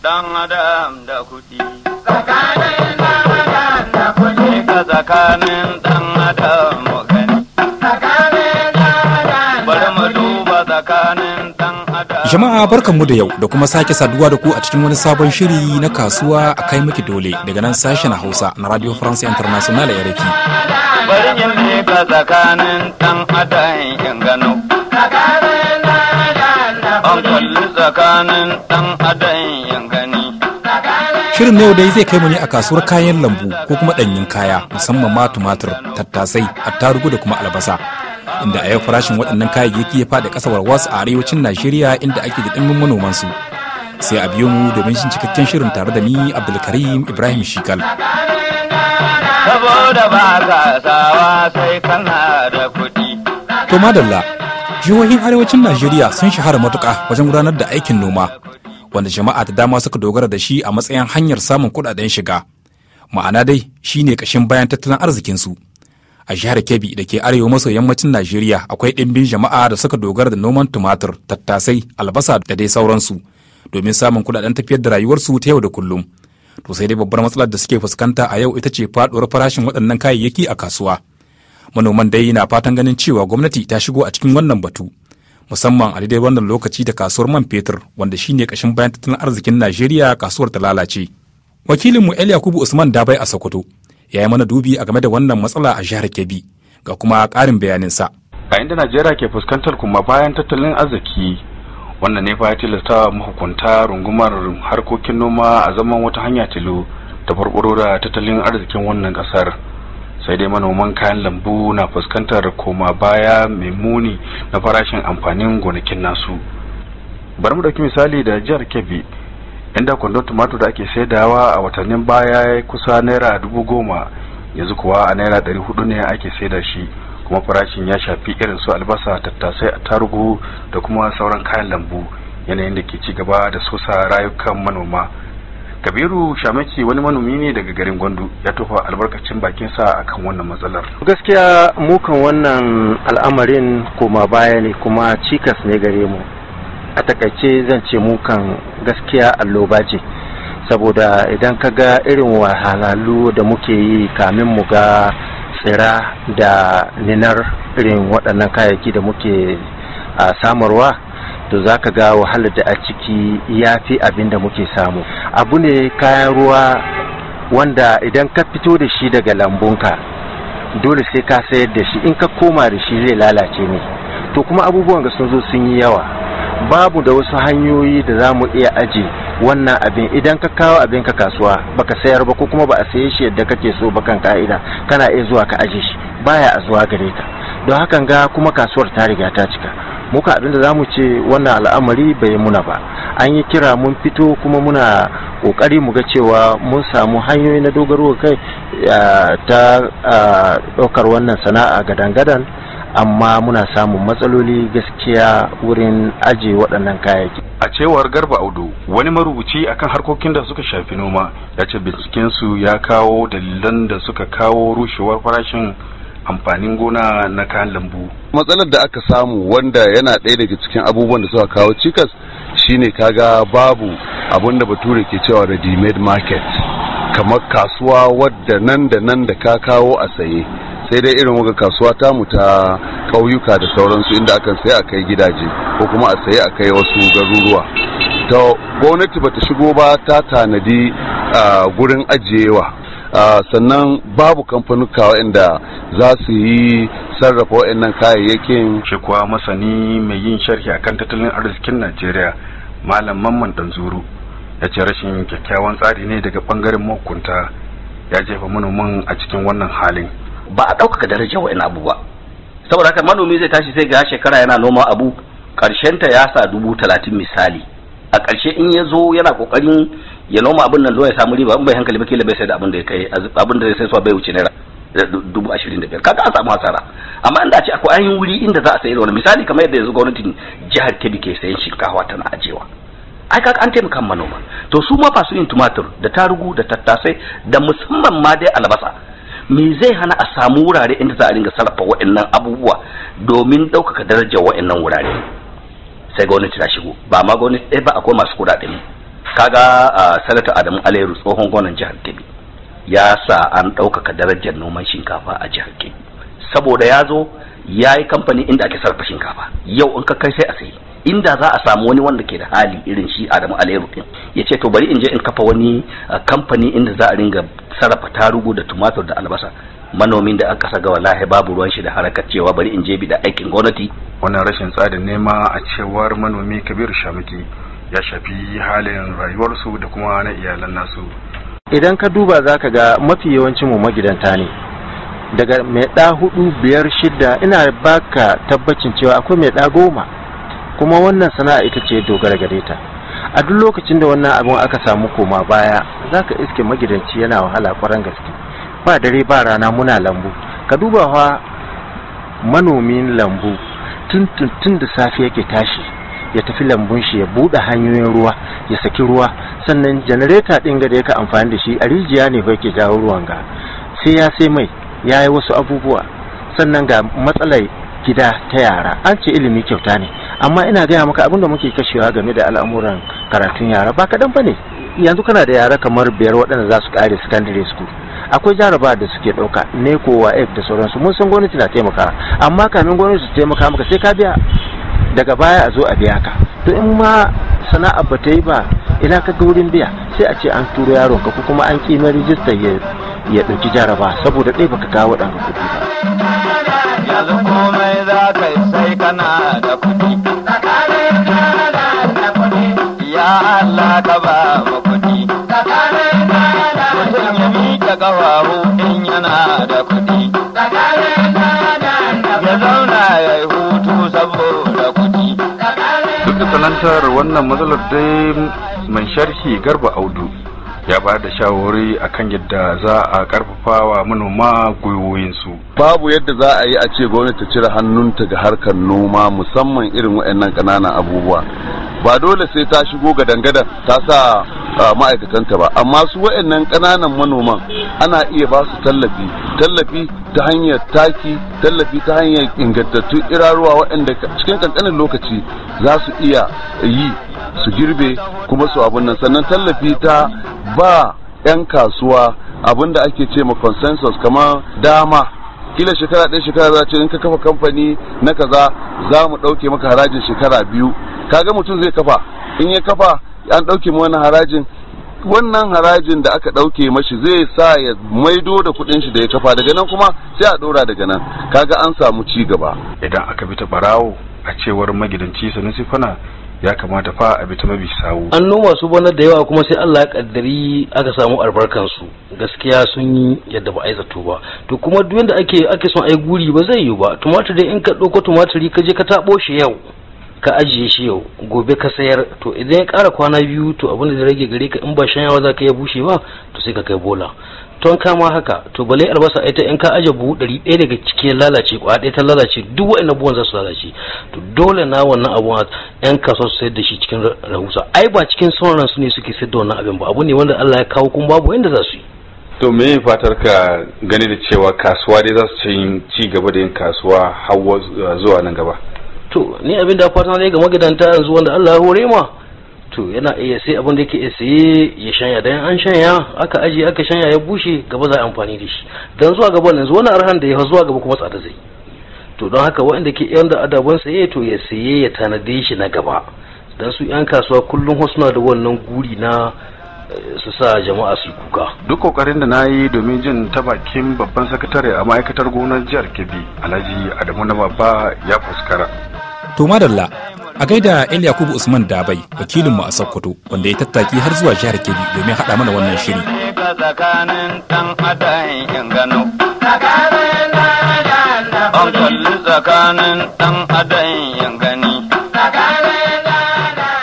Dan adam da kuɗi. Tsakanin dan adam da kuɗi. Ka tsakanin dan adam mu gani. Tsakanin dan adam Bari mu duba tsakanin dan adam. Jama'a barkanmu da yau da kuma sake saduwa da ku a cikin wani sabon shiri na kasuwa a kai miki dole daga nan sashen Hausa na Radio France International ya raki. Bari yin ne ka tsakanin dan adam in gano. Tsakanin dan adam da kuɗi. An kalli tsakanin dan adam Shirin na yau dai zai kai mu ne a kasuwar kayan lambu ko kuma ɗanyen kaya musamman ma tumatir tattasai, attarugu da kuma albasa. Inda a yau farashin waɗannan kayayyaki ya faɗi ƙasa warwas a arewacin Najeriya inda ake da ɗimbin manoman su. Sai a biyo mu domin shin cikakken shirin tare da ni Abdulkarim Ibrahim Shikal. Saboda ba To madalla, jihohin arewacin Najeriya sun shahara matuƙa wajen gudanar da aikin noma wanda jama'a da dama suka dogara da shi a matsayin hanyar samun kuɗaɗen shiga ma'ana dai shi ne ƙashin bayan tattalin arzikin su a jihar kebbi da ke arewa maso yammacin najeriya akwai ɗimbin jama'a da suka dogara da noman tumatir tattasai albasa da dai sauransu domin samun kuɗaɗen tafiyar da rayuwarsu ta yau da kullum to sai dai babbar matsalar da suke fuskanta a yau ita ce faɗuwar farashin waɗannan kayayyaki a kasuwa manoman dai na fatan ganin cewa gwamnati ta shigo a cikin wannan batu musamman a daidai wannan lokaci da kasuwar man fetur wanda shine kashin bayan tattalin arzikin Najeriya kasuwar ta lalace. Wakilinmu El Yakubu Usman Dabai a Sokoto ya yi mana dubi a game da wannan matsala a jihar Kebbi ga kuma ƙarin sa. A inda Najeriya ke fuskantar kuma bayan tattalin arziki wannan ne fa ya tilasta mahukunta rungumar harkokin noma a zaman wata hanya tilo ta farko da tattalin arzikin wannan ƙasar. sai dai manoman kayan lambu na fuskantar koma baya mai muni na farashin amfanin gonakin nasu bari mu dauki misali da jihar kebbi inda kwandon tumatur da ake saidawa a watannin baya kusa naira dubu goma yanzu kuwa a naira ɗari hudu ne ake saida shi kuma farashin ya shafi irin su albasa tattasai a attarugu da kuma sauran kayan lambu yanayin da ke ci gaba da sosa rayukan manoma kabiru shamaki wani manomi ne daga garin gwandu ya tofa albarkacin sa akan wannan matsalar gaskiya mukan wannan al'amarin koma baya ne kuma cikas ne gare mu a takaice zan ce mukan gaskiya alloba ce saboda idan ka ga irin wahalalu da muke yi kamin mu ga tsira da ninar irin waɗannan kayayyaki da muke samarwa to za ka ga wahalar da a ciki ya fi abin da muke samu abu ne kayan ruwa wanda idan ka fito da shi daga lambunka dole sai ka sayar da shi in ka koma da shi zai lalace ne to kuma abubuwan ga sun zo sun yi yawa babu da wasu hanyoyi da za mu iya aji wannan abin idan ka kawo abin ka kasuwa baka sayar ba ko kuma ba a saye shi yadda kake so ba kan ka'ida kana iya zuwa ka aje shi baya a zuwa gare ka don hakan ga kuma kasuwar ta riga ta cika muka abin da za mu ce wannan al'amari bai muna ba an yi kira mun fito kuma muna kokari mu ga cewa mun samu hanyoyi na dogaro kai ta ɗaukar wannan sana'a gadan-gadan amma muna samun matsaloli gaskiya wurin ajiye waɗannan kayayyaki. A cewar Garba Audu wani marubuci akan harkokin da suka shafi noma ya ce su ya kawo dalilan da suka kawo rushewar farashin amfanin gona na kayan lambu. Matsalar da aka samu wanda yana ɗaya daga cikin abubuwan da suka kawo cikas shine kaga babu abin da bature ke cewa ready made market kamar kasuwa wadda nan da nan da ka kawo a saye sai dai irin waga kasuwa ta muta kauyuka da sauransu inda akan sai a kai gidaje ko kuma a saye a kai wasu garuruwa ta gwamnati bata shigo ba ta tanadi gurin ajiyewa sannan babu kamfanuka waɗanda za su yi sarrafa waɗannan kayayyakin shi kuwa masani mai yin sharhi akan tattalin arzikin najeriya malam mamman danzuru ya ce rashin kyakkyawan tsari ne daga bangaren mahukunta ya jefa manoman a cikin wannan halin ba a ɗaukaka daraja wa ina abu ba saboda haka manomi zai tashi sai ga shekara yana noma abu ta ya sa dubu talatin misali a ƙarshe in ya zo yana ƙoƙarin ya noma abin nan ya samu riba in bai hankali ba kila bai sai da abin da ya kai abin da zai sai su bai wuce naira eh, dubu ashirin da biyar kaga an samu hasara amma inda a ce akwai ainihin wuri inda za a sayi wani misali kamar yadda yanzu gwamnatin jihar kebbi ke sayan shinkafa tana ajewa ai an taimaka manoma to su ma fasu yin tumatur da tarugu da tattasai da musamman ma dai albasa me zai hana a samu wurare inda za a dinga sarrafa wa'annan abubuwa domin ɗaukaka darajar wa'annan wurare sai gwamnati ta shigo ba ma gwamnati ɗaya ba akwai masu kuɗaɗe kaga sanata adamu alairu tsohon gwamnan jihar kebbi ya sa an ɗaukaka darajar noman shinkafa a jihar kebbi saboda ya zo ya yi kamfani inda ake sarrafa shinkafa yau in ka kai sai a sayi inda za a samu wani wanda ke da hali irin shi Adamu Alayyarufin ya ce to bari in je in kafa wani kamfani inda za a ringa sarrafa tarugu da tumatur da albasa manomin da aka saga wallahi babu ruwan shi da harakar cewa bari in je bi da aikin gwamnati wannan rashin tsarin nema a cewar manomi Kabiru Shamiki ya shafi halin rayuwarsu da kuma na iyalan nasu idan ka duba za ka ga mafi yawancin mu magidanta ne daga mai ɗa hudu biyar shidda ina baka tabbacin cewa akwai mai ɗa goma kuma wannan sana'a ita ce dogara gare ta a duk lokacin da wannan abin aka samu koma baya za ka iske magidanci yana wahala kwaran gaske ba dare ba rana muna lambu ka duba wa manomin lambu tun tun da safe yake tashi ya tafi lambun shi ya buɗe hanyoyin ruwa ya saki ruwa sannan janareta ɗin ga da yake amfani da shi a rijiya ne ba yake jawo ruwan ga sai ya sai mai ya yi wasu abubuwa sannan ga matsalar gida ta yara an ce ilimi kyauta ne amma ina gaya maka abinda muke kashewa game da al'amuran karatun yara ba kaɗan ba ne yanzu kana da yara kamar biyar waɗanda za su ƙare secondary school akwai jaraba da suke ɗauka ne kowa f da sauransu mun san gwamnati na taimaka amma kamin gwamnati su taimaka maka sai ka biya daga baya a zo a biya ka to in ma sana'a ba ta yi ba ina ka ga wurin biya sai a ce an turo yaron ka ko kuma an kima rijistar ya ɗauki jaraba saboda ɗaya baka kawo ɗan kuɗi ba. Yanzu komai za ka yi sai kana da kuɗi. Allah ka ba mu kuɗi. Mutum ya miƙa ƙafafu in yana da kuɗi. Ya zauna ya yi hutu saboda kuɗi. Duk da sanantar wannan matsalar dai mai sharhi garba audu ya ba da a kan yadda za a karfafa wa manoma gwiwoyinsu. Babu yadda za a yi a ce gwamnati ta cire hannunta ga harkar noma musamman irin waɗannan ƙananan abubuwa. ba dole sai ta shigo ga dangadan ta sa ma'aikatanta ba amma su waɗannan ƙananan manoman ana iya ba su tallafi tallafi ta hanyar taki tallafi ta hanyar ingantattu iraruwa waanda cikin ƙanƙanin lokaci za su iya yi su girbe kuma su abin nan sannan tallafi ta ba 'yan kasuwa abin da ake ce ma consensus kamar dama kila shekara ɗaya shekara za ce in ka kafa kamfani na kaza za mu ɗauke maka harajin shekara biyu kaga mutum zai kafa in ya kafa an ɗauke mu wannan harajin wannan harajin da aka ɗauke mashi zai sa ya maido da kuɗin shi da ya kafa daga nan kuma sai a ɗora daga nan kaga an samu ci gaba idan aka bi ta barawo a cewar magidanci sanin sifana ya kamata fa a bi ta mabi sawu an noma su bana da yawa kuma sai Allah ya kaddari aka samu albarkan su gaskiya sun yi yadda ba a yi zato ba to kuma duk yanda ake ake son ai guri ba zai yi ba tumatir dai in ka ɗauko tumatiri ka je ka taɓo shi yau ka ajiye shi yau gobe ka sayar to idan ya kara kwana biyu to abin da rage gare ka in ba shanyawa za ka iya bushe ba to sai ka kai bola ton kama haka to balai albasa ita in ka aje buhu ɗari ɗaya daga ciki ya lalace kwa ɗaya ta lalace duk wa'in buwan za su lalace to dole na wannan abun yan kasuwa su sayar da shi cikin rahusa ai ba cikin sauran su ne suke sayar da wannan abin ba abu ne wanda Allah ya kawo kuma babu yanda za su yi to me fatar ka gani da cewa kasuwa dai za su ci gaba da yin kasuwa har zuwa nan gaba to ni abin da fata ne ga magidanta yanzu wanda Allah ya hore ma to yana iya sai abin da yake saye ya shanya dan an shanya aka aje aka shanya ya bushe gaba za a amfani da shi dan zuwa gaba yanzu wannan arhan da ya zuwa gaba kuma tsada zai to don haka waɗanda ke yan da adaban saye to ya saye ya tanade shi na gaba dan su yan kasuwa kullum husna da wannan guri na eh, su sa jama'a su kuka duk kokarin da nayi domin jin ta bakin babban sakatare a ma'aikatar gonar jihar kebbi alhaji adamu na babba ya fuskara To madalla a gaida El Yakubu Usman Dabai wakilinmu a Sokoto wanda ya tattaki har zuwa jihar Kebbi domin haɗa mana wannan shiri.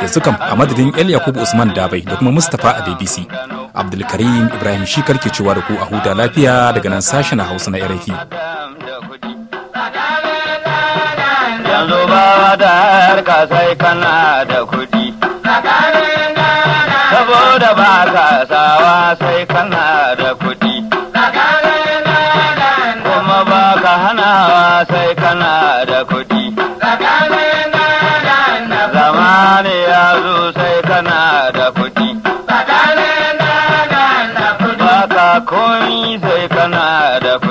Yanzu kam a madadin El Yakubu Usman Dabai da kuma Mustapha bbc Abdulkarim Ibrahim shi karke cewa da ku a huta lafiya daga nan sashen Hausa na RFI. yanzu ba da harka sai kana da kuɗi. Saboda ba ka sawa sai kana da kuɗi. Kuma ba ka hanawa sai kana da kuɗi. Zamani ya zo sai kana da kuɗi. Ba ka komi sai kana da kudi